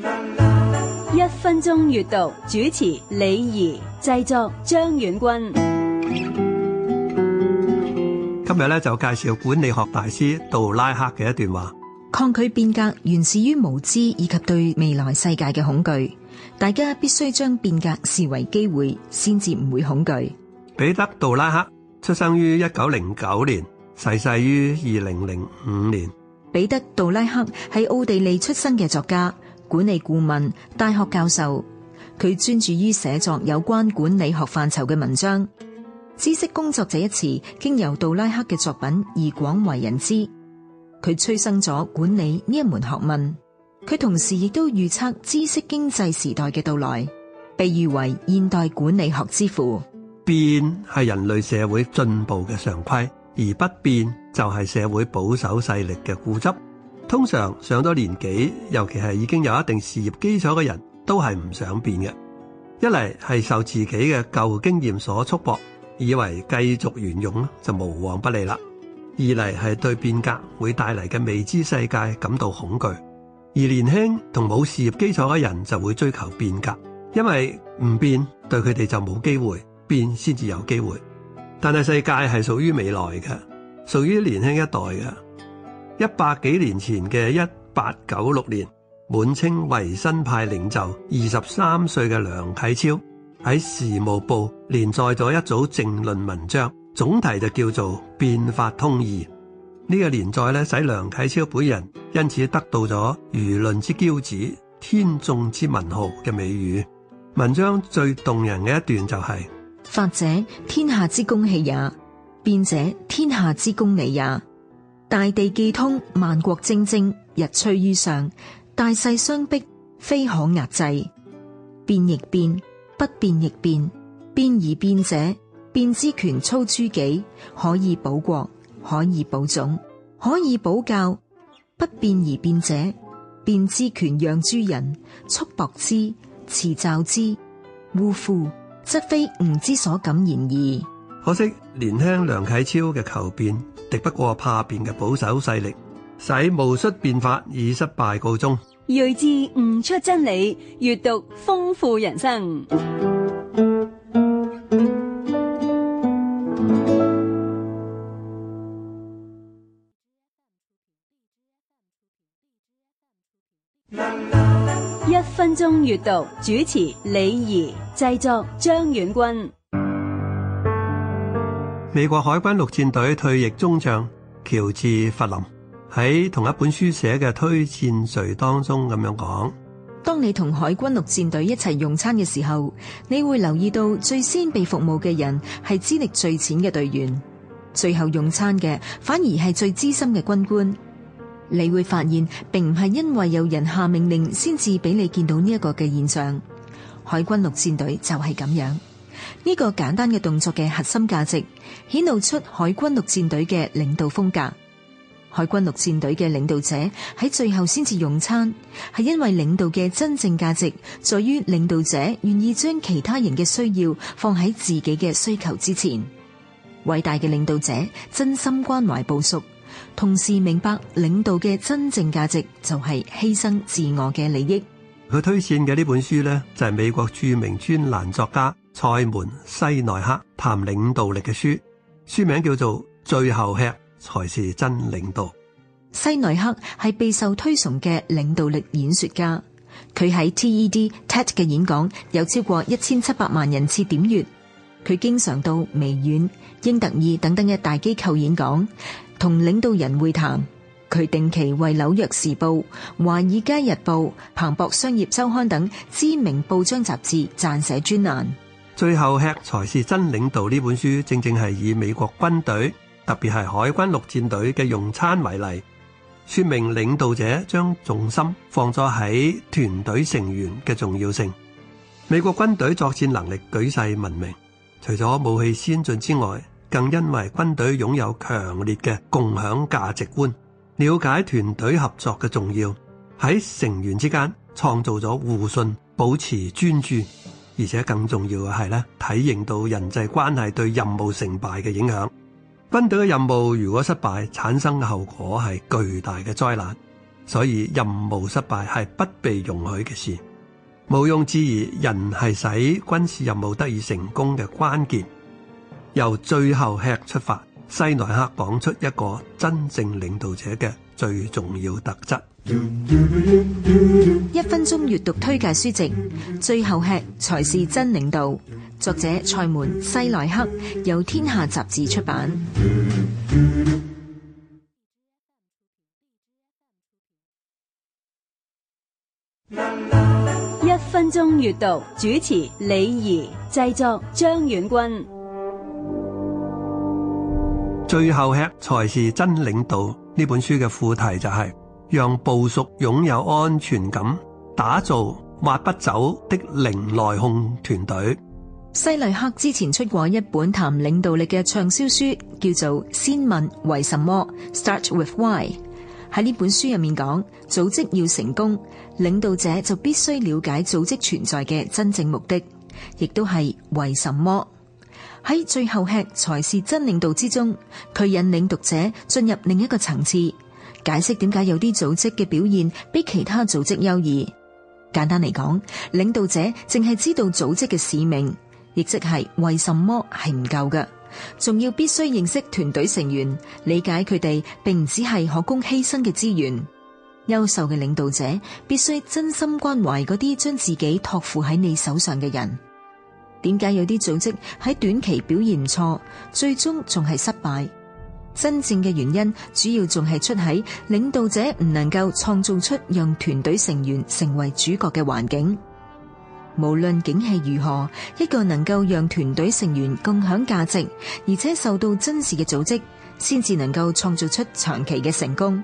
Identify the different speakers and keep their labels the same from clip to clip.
Speaker 1: 一分鐘閱讀，主持李儀，製作張遠君。
Speaker 2: 今日咧，就介紹管理學大師杜拉克嘅一段話：
Speaker 1: 抗拒變革源自於無知，以及對未來世界嘅恐懼。大家必須將變革視為機會，先至唔會恐懼。
Speaker 2: 彼得·杜拉克出生於一九零九年，逝世於二零零五年。
Speaker 1: 彼得·杜拉克係奧地利出生嘅作家。管理顧問、大學教授，佢專注於寫作有關管理學範疇嘅文章。知識工作者一詞經由杜拉克嘅作品而廣為人知，佢催生咗管理呢一門學問。佢同時亦都預測知識經濟時代嘅到來，被譽為現代管理學之父。
Speaker 2: 變係人類社會進步嘅常規，而不變就係社會保守勢力嘅固執。通常上咗年紀，尤其係已經有一定事業基礎嘅人，都係唔想變嘅。一嚟係受自己嘅舊經驗所束縛，以為繼續沿用就無往不利啦；二嚟係對變革會帶嚟嘅未知世界感到恐懼。而年輕同冇事業基礎嘅人就會追求變革，因為唔變對佢哋就冇機會，變先至有機會。但係世界係屬於未來嘅，屬於年輕一代嘅。一百幾年前嘅一八九六年，滿清維新派領袖二十三歲嘅梁啟超喺《時務報》連載咗一組政論文章，總題就叫做《變法通議》呢、這個連載咧，使梁啟超本人因此得到咗「輿論之驕子」、「天眾之文豪」嘅美譽。文章最動人嘅一段就係、
Speaker 1: 是：「法者，天下之公器也；變者，天下之公理也。」大地既通，萬國蒸蒸日趨於上；大勢相逼，非可壓制。變亦變，不變亦變。變而變者，變之權操諸己，可以保國，可以保種，可以保教；不變而變者，變之權讓諸人，束縛之，持教之，嗚呼，則非吾之所敢言矣。
Speaker 2: 可惜年輕梁啟超嘅求變，敵不過怕變嘅保守勢力，使戊戌變法以失敗告終。
Speaker 1: 睿智悟出真理，閱讀豐富人生。 一分鐘閱讀，主持李儀，製作張遠軍。
Speaker 2: 美國海軍陸戰隊退役中將喬治弗林喺同一本書寫嘅推薦序當中咁樣講：
Speaker 1: 當你同海軍陸戰隊一齊用餐嘅時候，你會留意到最先被服務嘅人係資歷最淺嘅隊員，最後用餐嘅反而係最資深嘅軍官。你會發現，並唔係因爲有人下命令先至俾你見到呢一個嘅現象，海軍陸戰隊就係咁樣。呢、個簡單嘅動作嘅核心價值，顯露出海軍陸戰隊嘅領導風格。海軍陸戰隊嘅領導者喺最後先至用餐，係因為領導嘅真正價值，在於領導者願意將其他人嘅需要放喺自己嘅需求之前。偉大嘅領導者真心關懷部屬，同時明白領導嘅真正價值就係犧牲自我嘅利益。
Speaker 2: 佢推薦嘅呢本書呢，就係美國著名專欄作家賽門西奈克談領導力嘅書，書名叫做《最後吃才是真領導》。
Speaker 1: 西奈克係備受推崇嘅領導力演說家，佢喺 TED、TED 嘅演講有超過一千七百萬人次點閱，佢經常到微軟、英特爾等等嘅大機構演講，同領導人會談。佢定期為《紐約時報》《華爾街日報》《彭博商業週刊》等知名報章雜誌撰寫專欄。
Speaker 2: 最後吃，才是真領導呢本書正正係以美國軍隊，特別係海軍陸戰隊嘅用餐為例，說明領導者將重心放咗喺團隊成員嘅重要性。美國軍隊作戰能力舉世聞名，除咗武器先進之外，更因為軍隊擁有強烈嘅共享價值觀。了解團隊合作嘅重要，喺成員之間創造咗互信，保持專注，而且更重要嘅係咧，體認到人際關係對任務成敗嘅影響。軍隊嘅任務如果失敗，產生嘅後果係巨大嘅災難，所以任務失敗係不被容許嘅事。毋庸置疑，人係使軍事任務得以成功嘅關鍵。由最後吃出發。西奈克講出一個真正領導者嘅最重要特質。一
Speaker 1: 分鐘閱讀推介書籍，最後吃才是真領導。作者賽門西奈克由天下雜誌出版。一分鐘閱讀主持李儀，製作張遠軍。
Speaker 2: 最後吃才是真領導。呢本書嘅副題就係讓部屬擁有安全感，打造挖不走的零內控團隊。
Speaker 1: 西奈克之前出過一本談領導力嘅暢銷書，叫做《先問為什麼》（Start with Why）。喺呢本書入面講，組織要成功，領導者就必須了解組織存在嘅真正目的，亦都係為什麼。喺最後吃才是真領導之中，佢引領讀者進入另一個層次，解釋點解有啲組織嘅表現比其他組織優異。簡單嚟講，領導者淨係知道組織嘅使命，亦即係為什麼係唔夠嘅，仲要必須認識團隊成員，理解佢哋並唔只係可供犧牲嘅資源。優秀嘅領導者必須真心關懷嗰啲將自己託付喺你手上嘅人。點解有啲組織喺短期表現錯，最終仲係失敗？真正嘅原因主要仲係出喺領導者唔能夠創造出讓團隊成員成為主角嘅環境。無論景氣如何，一個能夠讓團隊成員共享價值而且受到珍視嘅組織，先至能夠創造出長期嘅成功。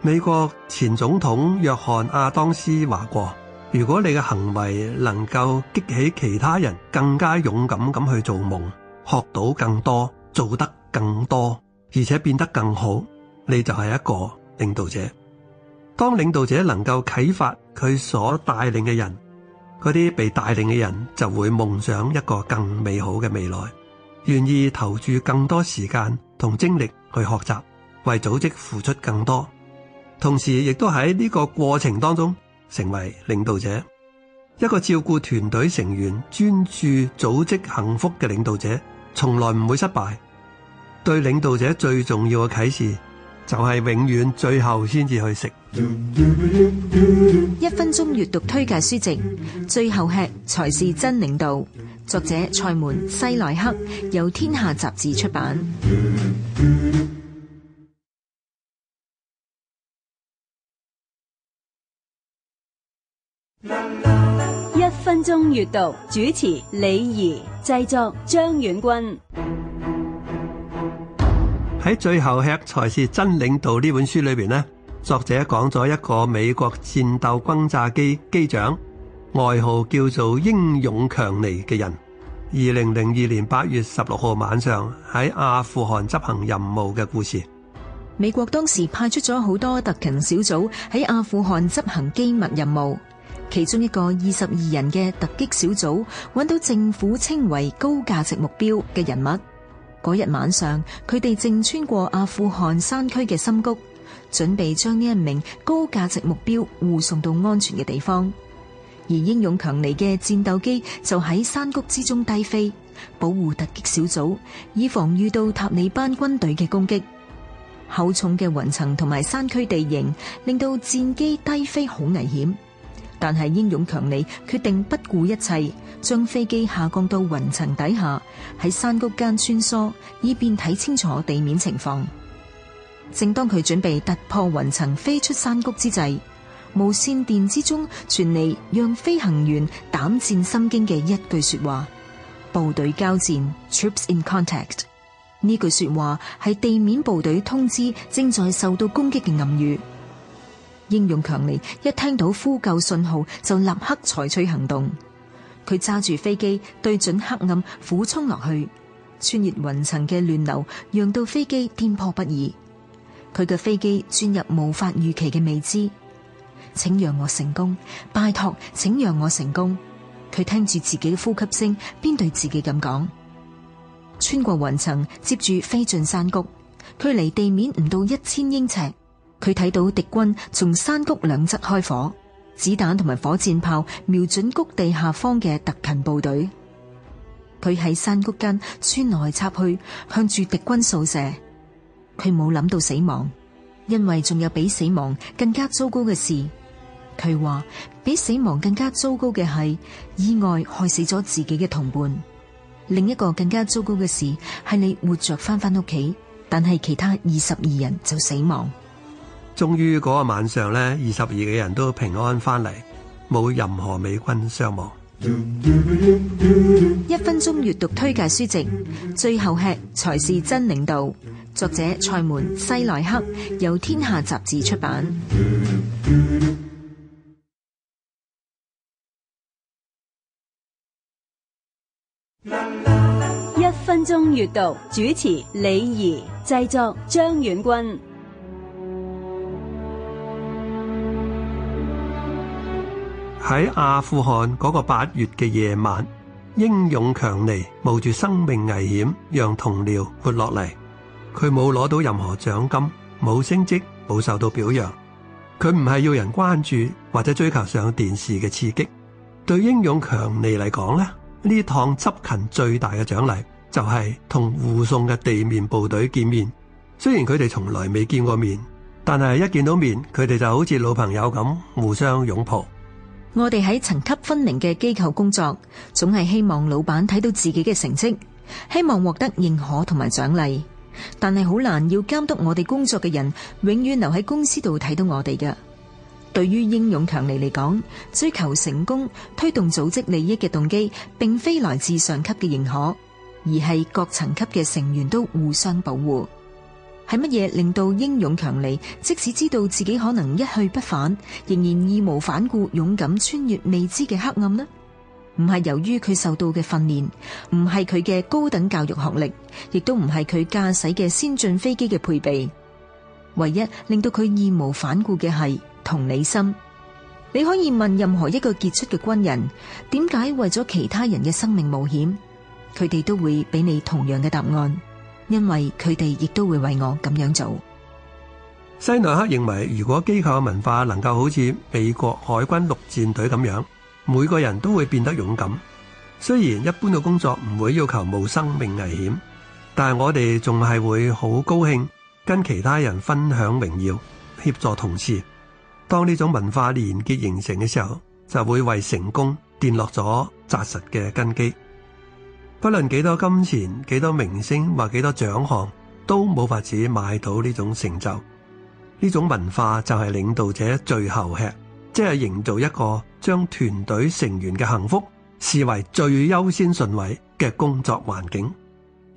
Speaker 2: 美國前總統約翰亞當斯話過。如果你嘅行為能夠激起其他人更加勇敢咁去做夢，學到更多，做得更多，而且變得更好，你就係一個領導者。當領導者能夠啟發佢所帶領嘅人，嗰啲被帶領嘅人就會夢想一個更美好嘅未來，願意投注更多時間同精力去學習，為組織付出更多，同時亦都喺呢個過程當中。成為領導者，一個照顧團隊成員、專注組織幸福嘅領導者，從來唔會失敗。對領導者最重要嘅啟示，就係永遠最後先至去食。
Speaker 1: 一分鐘閱讀推介書籍，最後吃才是真領導。作者賽門．西奈克由天下雜誌出版。 一分鐘閱讀主持李儀，製作張遠軍。
Speaker 2: 喺 最後吃才是真領導呢本書裏邊呢，作者講咗一個美國戰鬥轟炸機機長，外號叫做英勇強尼嘅人，二零零二年八月十六號晚上，喺阿富汗執行任務嘅故事。
Speaker 1: 美國當時派出咗好多特勤小組喺阿富汗執行機密任務。其中一個二十二人嘅突擊小組揾到政府稱為高價值目標嘅人物。嗰日晚上，佢哋正穿過阿富汗山區嘅深谷，準備將呢一名高價值目標護送到安全嘅地方。而英勇強尼嘅戰鬥機就喺山谷之中低飛，保護突擊小組，以防遇到塔利班軍隊嘅攻擊。厚重嘅雲層同埋山區地形令到戰機低飛好危險。但係英勇強尼決定不顧一切，將飛機下降到雲層底下，喺山谷間穿梭，以便睇清楚地面情況。正當佢準備突破雲層飛出山谷之際，無線電之中傳嚟讓飛行員膽戰心驚嘅一句說話：部隊交戰 （troops in contact）。呢句說話係地面部隊通知正在受到攻擊嘅暗語。英勇強尼，一聽到呼救信號就立刻採取行動。佢揸住飛機，對準黑暗俯衝落去，穿越雲層嘅亂流，讓到飛機顛簸不已。佢嘅飛機鑽入無法預期嘅未知，請讓我成功，拜託，請讓我成功。佢聽住自己嘅呼吸聲，邊對自己咁講：穿過雲層，接住飛進山谷，距離地面唔到一千英尺。佢睇到敵軍從山谷兩側開火，子彈同埋火箭炮瞄準谷地下方嘅特勤部隊。佢喺山谷間穿來插去，向住敵軍掃射。佢冇諗到死亡，因為仲有比死亡更加糟糕嘅事。佢話比死亡更加糟糕嘅係意外害死咗自己嘅同伴。另一個更加糟糕嘅事係你活着返返屋企，但係其他二十二人就死亡。
Speaker 2: 終於嗰個晚上呢二十二個人都平安翻嚟，冇任何美軍傷亡。
Speaker 1: 一分鐘閱讀推介書籍，最後吃才是真領導。作者賽門西奈克，由天下雜誌出版。一分鐘閱讀主持李怡，製作張遠軍。
Speaker 2: 喺阿富汗嗰個八月嘅夜晚，英勇強尼冒住生命危險，讓同僚活落嚟。佢冇攞到任何獎金，冇升職，冇受到表揚。佢唔係要人關注或者追求上電視嘅刺激。對英勇強尼嚟講咧，呢趟執勤最大嘅獎勵就係同護送嘅地面部隊見面。雖然佢哋從來未見過面，但係一見到面，佢哋就好似老朋友咁互相擁抱。
Speaker 1: 我哋喺層級分明嘅機構工作，總係希望老闆睇到自己嘅成績，希望獲得認可同埋獎勵。但係好難要監督我哋工作嘅人，永遠留喺公司度睇到我哋嘅。對於英勇強尼嚟講，追求成功、推動組織利益嘅動機，並非來自上級嘅認可，而係各層級嘅成員都互相保護。係乜嘢令到英勇強尼，即使知道自己可能一去不返，仍然義無反顧勇敢穿越未知嘅黑暗呢？唔係由於佢受到嘅訓練，唔係佢嘅高等教育學歷，亦都唔係佢駕駛嘅先進飛機嘅配備。唯一令到佢義無反顧嘅係同理心。你可以問任何一個傑出嘅軍人，點解為咗其他人嘅生命冒險，佢哋都會俾你同樣嘅答案。因為佢哋亦都會為我咁樣做。
Speaker 2: 西奈克認為，如果機構嘅文化能夠好似美國海軍陸戰隊咁樣，每個人都會變得勇敢。雖然一般嘅工作唔會要求冇生命危險，但係我哋仲係會好高興跟其他人分享榮耀，協助同事。當呢種文化連結形成嘅時候，就會為成功奠落咗扎實嘅根基。不論幾多金錢、幾多明星或幾多獎項，都冇法子買到呢種成就。呢種文化就係領導者最後吃，即係營造一個將團隊成員嘅幸福視為最優先順位嘅工作環境，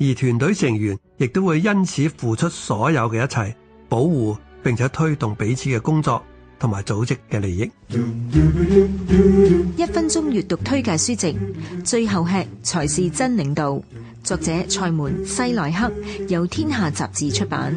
Speaker 2: 而團隊成員亦都會因此付出所有嘅一切，保護並且推動彼此嘅工作。同埋組織嘅利益。
Speaker 1: 一分鐘閱讀推介書籍，最後吃才是真領導。作者賽門．西奈克，由天下雜誌出版。